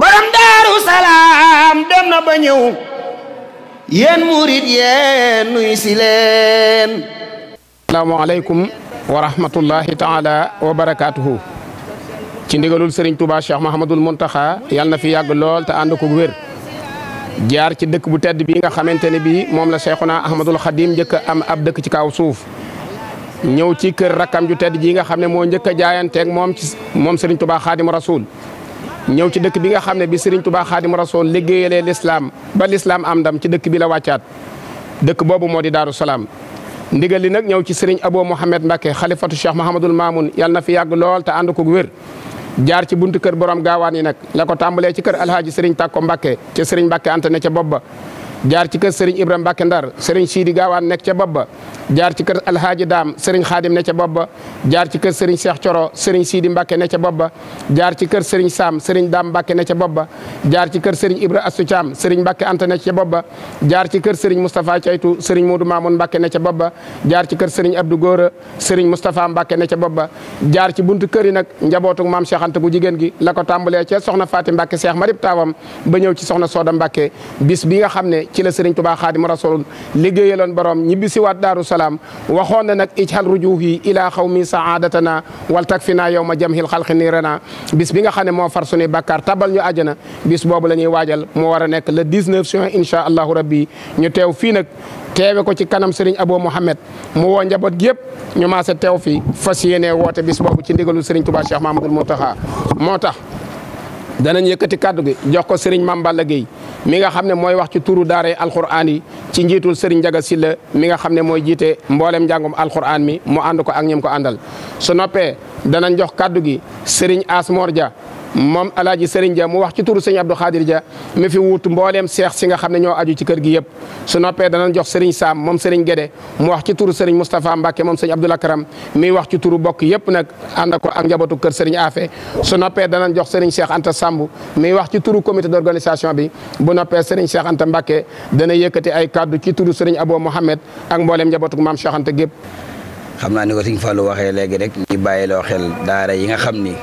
borom daaru dem na ba ñëw yéen murit yéen nuy si leen asalaamaaleykum wa rahmatullahi taala wa barakaatuhu ci ndigalul sëriñ Touba Cheikh Mahamadul Muntaxa yàlla na fi yàgg lool te ànd ko wér jaar ci dëkk bu tedd bi nga xamante ne bii moom la naa Ahmadul Xadim njëkk am ab dëkk ci kaw suuf ñëw ci kër rakkam ju tedd jii nga xam ne moo njëkk a jaayanteeg moom ci moom sëriñ Touba Xaadimu Rasuul ñëw ci dëkk bi nga xam ne bi Serigne Touba Khadim Rasoul liggéeyalee lislaam ba lislaam am ndam ci dëkk bi la wàccaat dëkk boobu moo di Daaru Salaam ndigal li nag ñëw ci Serigne Abo Mouhamed Mbacke xalifatu Cheikh Mahamadul Mamoun yàlla na fi yàgg lool te ànd ko wér. jaar ci buntu kër borom gaawaan yi nag la ko tàmbalee ci kër alhaaji Serigne Takko Mbacke ca Serigne Mbacke ante ne ca bopp ba jaar ci kër Serigne Ibrahima Mbacke Ndar Serigne Sidi Gaawaan nekk ca bopp ba jaar ci kër Alhaaji Daam Serigne Xaadim ne ca bopp ba jaar ci kër Serigne Cheikh Coro Serigne Sidi Mbacke ne ca bopp ba jaar ci kër Serigne Sam Serigne Daam mbakke ne ca bopp ba jaar ci kër Serigne Ibra Astu Caam Serigne Mbacke Anta ne ca bopp ba jaar ci kër Serigne Moustapha Caytu Serigne Modou Mamoun Mbacke ne ca bopp ba jaar ci kër Serigne Abdou Góora Serigne Moustapha Mbacke ne ca bopp ba jaar ci buntu kër yi nag njabootu maam Cheikh Anta jigéen gi la ko tàmbalee ca soxna Faati Mbacke ma Marib taawam ba ñëw ci soxna soo Mbacke bis bi nga xam ne ci la serigne touba khadim rasoul liggéeyaloon borom ñibbi si waat daaru salaam waxoon na nag ijhal rujuhi ila khawmi saadatana wal takfina yawma jamhil khalqi nirana bis bi nga xane mo far suni bakkar tabal ñu aljana bis bobu lañuy ñuy mo wara nek le 19 juin insha allah rabbi ñu tew fi nak téwé ko ci kanam Serigne abou mohammed mu wo njabot gep ñu ma sa tew fi fasiyene wote bis bobu ci ndigalu Serigne Touba Cheikh mamadou Mountakha motax danañ yëkëti kàddu gi jox ko Serigne Mame Balla Gueye mi nga xam ne mooy wax ci turu daare alquran yi ci njiitul Serigne Ndiaga Sylla mi nga xam ne mooy jiite mboolem njàngum alquran mi mu ànd ko ak ñim ko àndal su noppee danañ jox kàddu gi Serigne Asmor Dia moom alaaji Serigne Dia mu wax ci turu sëñ Abdou Khadir ja mi fi wuutu mbooleem seex si nga xam ne ñoo aju ci kër gi yëpp su noppee danañ jox Serigne Sam moom Serigne Guédé mu wax ci turu Serigne Moustapha Mbacke moom sëñ Abdoul Akram mi wax ci turu bokk yëpp nag ànd ko ak njabootu kër Serigne Afé su noppee danañ jox Serigne Cheikh Anta Samb mi wax ci turu comité d'organisation bi bu noppee Serigne Cheikh Anta Mbacke dana yëkkati ay kaddu ci turu Serigne Abo Mohamed ak mbooleem njabootu maam Cheikh Anta gépp xam naa ni ko sëñ Fallou waxee léegi rek ñu bàyyiloo xel daara yi nga xam ni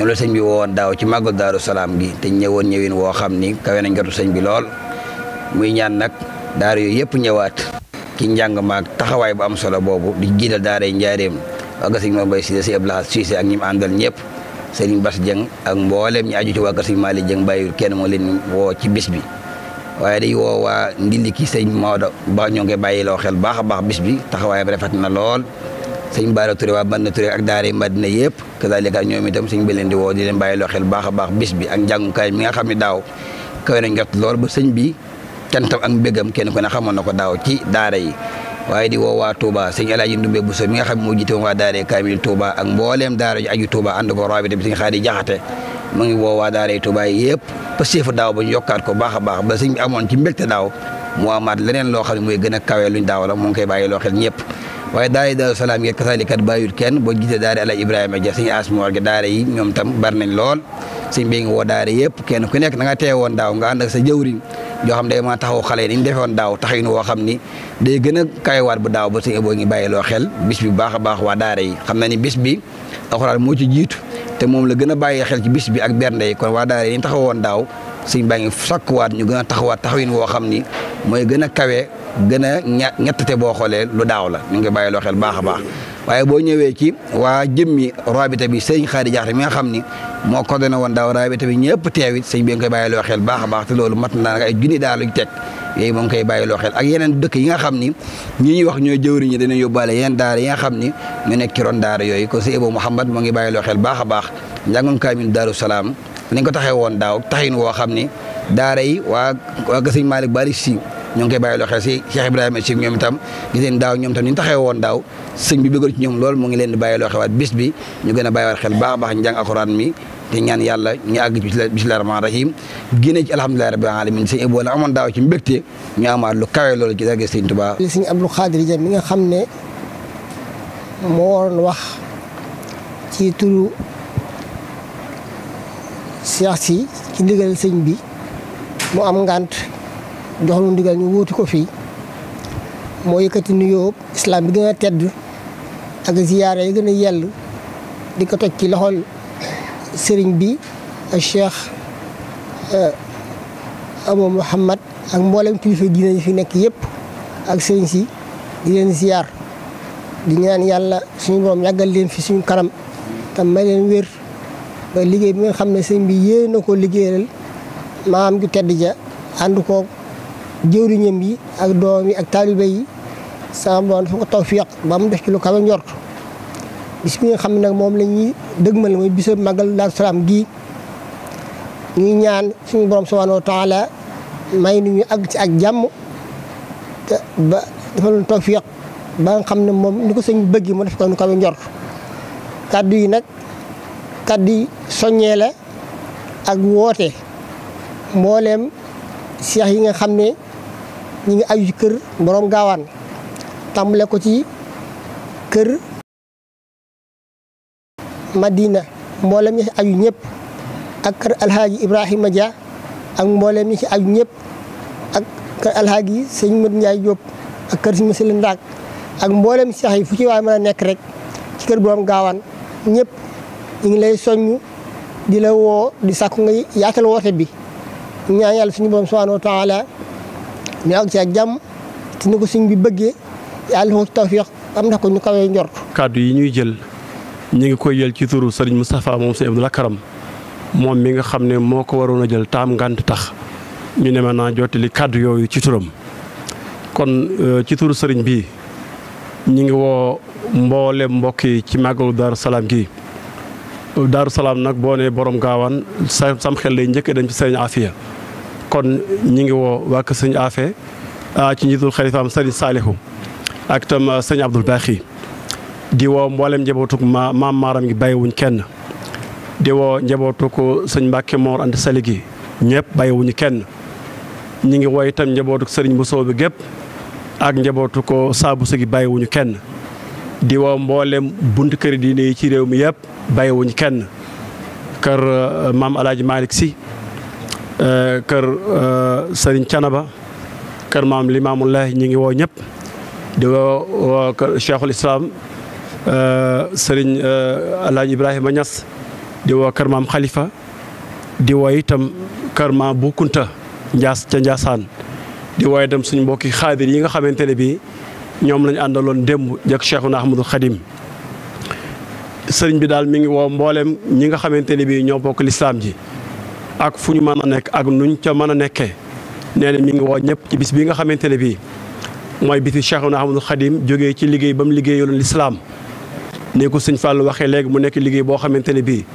loolu señ bi woon daaw ci màggal daaru salam gi te ñewoon ñewin wo xamni kawé nañ jotu señ bi lool muy ñaan nag daara yooyu yëpp ñëwaat ci njàng maag taxaway bu am solo bobu di jiital daara yi njaareem ak sëñ Mor Mbaye Cissé si Abdoulaye Cissé ak ñim andal àndal señ Bass jeng ak mbooleem ñi aju ci waa señ mali jeng bayu kenn mo leen wo ci bis bi waye day wo wa ndilli ki sëñ ba xel baax baax bis bi bi rafet na lool sëñ Baara Touré waa Madina Touré ak daara Madina yëpp kazalika a itam sëñ bi leen di woo di leen bàyyi loo xel baax a baax bis bi mi nga xam ne daaw kawe na njot lool ba sëñ bi cantam ak mbégam kenn ku ne xamoon na ko daaw ci daara yi waaye di woo waa Touba sëñ El Hadj Ndoumbé Bousso nga xam moo jiite woon waa daara Kamil Touba ak mbooleem daara ji aju Touba ànd ko rabita bi sëñ Xaadi Jaxate mu ngi woo waa daara Touba yi ñu yokkaat ko baax a baax ba sëñ amoon ci mbégte daaw mu amaat leneen loo xam ne mooy gën a kawe luñ daaw la mu ngi koy bàyyi loo xel waaye daara Daaru Salaam yeeg kasalikat bàyyut kenn boo gisee daara Alaaji Ibrahima Dia suñu asmoor gi daara yi ñoom tam bari nañ lool suñ bi woo daara yëpp kenn ku nekk na nga woon daaw nga ànd sa jëwriñ yoo xam day mën a taxaw xale yi ni ñu defee woon daaw taxawin woo xam ni day gën a kayiwaat bu daaw ba suñu boo ngi bàyyiloo xel bis bi baax a baax waa daara yi xam na ni bis bi alxuraan moo ci jiitu te moom la gën a bàyyi xel ci bis bi ak bernde yi kon waa daara yi ni taxaw woon daaw sëñ baa ngi waat ñu gën a taxawaat taxawin woo xam ni mooy gën a kawe gën a ñettate boo xoolee lu daaw la ñu ngi koy bàyyi loo xel baax a baax waaye boo ñëwee ci waa jëmmi rabita bi sëñ Xaadi Jaxate mi nga xam ni moo ko woon daaw rabita bi ñëpp teewit sëñ bi nga koy bàyyi loo xel baax te loolu mat naa ay junni daal luñ teg yooyu moo ngi koy bàyyi loo xel ak yeneen dëkk yi nga xam ni ñi ñuy wax ñooy jëwriñ ñi dana yóbbaale yeneen daara yi nga xam ni ñu nekk ci ron daara yooyu ko sëñ Ebo Mouhamad moo ngi bàyyi loo xel baax a baax njàngum kaamil Daaru Salaam nañ ko taxé won daaw taxin wo xamni daara yi wa waa seigne malik Bari si ñong ngi koy bàyyi loo Cheikh ibrahim ci ñom tam gis ngeen daaw ñoom itam ni taxé won woon daaw sëñ bi bëggal ci ñom lool mo ngi leen bayilo bàyyi bis bi ñu gëna a xel baax baax njàng alquran mi di ñaan yalla ñi ag ci bismillahi rahim génne ci alhamdulilahi rabbil alamin seigne Ibou la amoon daaw ci mbekté ñu amaat lu kawé lool ci dagge sëñ Tuubaa seigne Abdou Khadir Dia mi nga xamné mo won wax ci turu Cheikh si ci ndigal sëñ bi mu am ngant jox nu ndigal ñu wuuti ko fii moo yëkkati nuyoo islam bi gën a tedd ak ziyaara yi gën a yell di ko toj ci loxol sëriñ bi Cheikh eh, Abo Mouhamad ak mboolem kilifa diine yi fi nekk yëpp ak sëriñ si di leen ziyaar di ñaan yàlla suñu borom yàggal leen fi suñu kanam tam may leen wér. ba liggéey bi nga xam ne sëñ bi yéen na ko liggéeyal maam ju tedd ja ànd koog jëwriñam yi ak doom yi ak taalibe yi sama borom dafa ko tawfiq ba def ci lu kawe njort nga xam ne nag moom la ñuy dëgmal mooy bisab magal Daaru Salaam gii ñuy ñaan suñu borom subhanahu wa taala may nu ñu àgg ci ak jàmm te ba dafa doon tawfiq nga xam ne moom ni ko sëñ bëgg mu def ko lu kawe njort kàddu yi nag kaddi soññee la ak woote mbooleem seex yi nga xam ne ñi ngi aju ci kër borom gaawaan tàmbale ko ci kër Madina mboolem ñi ci aju ñëpp ak kër Alhaaji Ibrahima Dia ak mboolem ñi ci aju ñëpp ak kër Alhaaji sëñ Mët Njaay Jóob ak kër sëñ Masila Ndaak ak mboolem seex yi fu ci waay mën a nekk rek ci kër borom gaawaan ñëpp ñu ngi lay soññ di la woo di sàkku nga yaatal woote bi ñaan yàlla suñu borom subhanahu wa taala ñu àgg ci ak jàmm te ni ko suñ bi bëggee yàlla defal ci am na ko ñu kawee njort kàddu yi ñuy jël ñu ngi koy yël ci turu sëriñ Moustapha moom sëñ Abdoul Akaram moom mi nga xam ne moo ko waroon a jël taam ngànt tax ñu ne ma naa jottali kàddu yooyu ci turam kon euh, ci turu sëriñ bi ñu ngi woo mboole mbokk yi ci màggalu Daaru Salaam gi daaru salaam nag boo nee boroom gaawaan sa sam xel lay njëkk dem ci sëriñ Afia kon ñi ngi woo waa kër sëriñ Afia ah, ci njiitul xalifaam sëriñ Saalihu ak itam ah, sëriñ Abdul Baaxi di woo mboolem njabootuk ma maam maaram gi bàyyiwuñ kenn di woo njabootuk sëñ Mbàkke Moor Anta Sali gi ñëpp bàyyiwuñu kenn ñi ngi woo itam njabootuk sëriñ Bousso bi gépp ak njabootuk saabu si gi bàyyiwuñu kenn di woo mboolem buntu kër diine yi ci réew mi yëpp bàyyiwuñ kenn kër euh, maam El Hadj Malick euh, kër euh, Serigne Canaba kër maam Limaamullah ñu ngi woo ñëpp di woo woo kër Cheikhul Islam Serigne El Hadj di woo kër maam Khalifa di itam kër maam Bou Kounta Ndiass ca Ndiassane di woo itam suñu mbokki xaadir yi nga xamante ne bii. ñoom lañu àndaloon démb jëkk Cheikhuna Ahmadul Xadim sëriñ bi daal mi ngi woo mbooleem ñi nga xamante ni bii ñoo bokk lislaam ji ak fu ñu mën a nekk ak nuñ ca mën a nekkee nee na mi ngi woo ñëpp ci bis bi nga xamante ne bii mooy bisi Cheikhuna Ahmadul Xadim jóge ci liggéey ba mu liggéeyaloon lislaam ni ko sëñ lu waxee léegi mu nekk liggéey boo xamante ne bii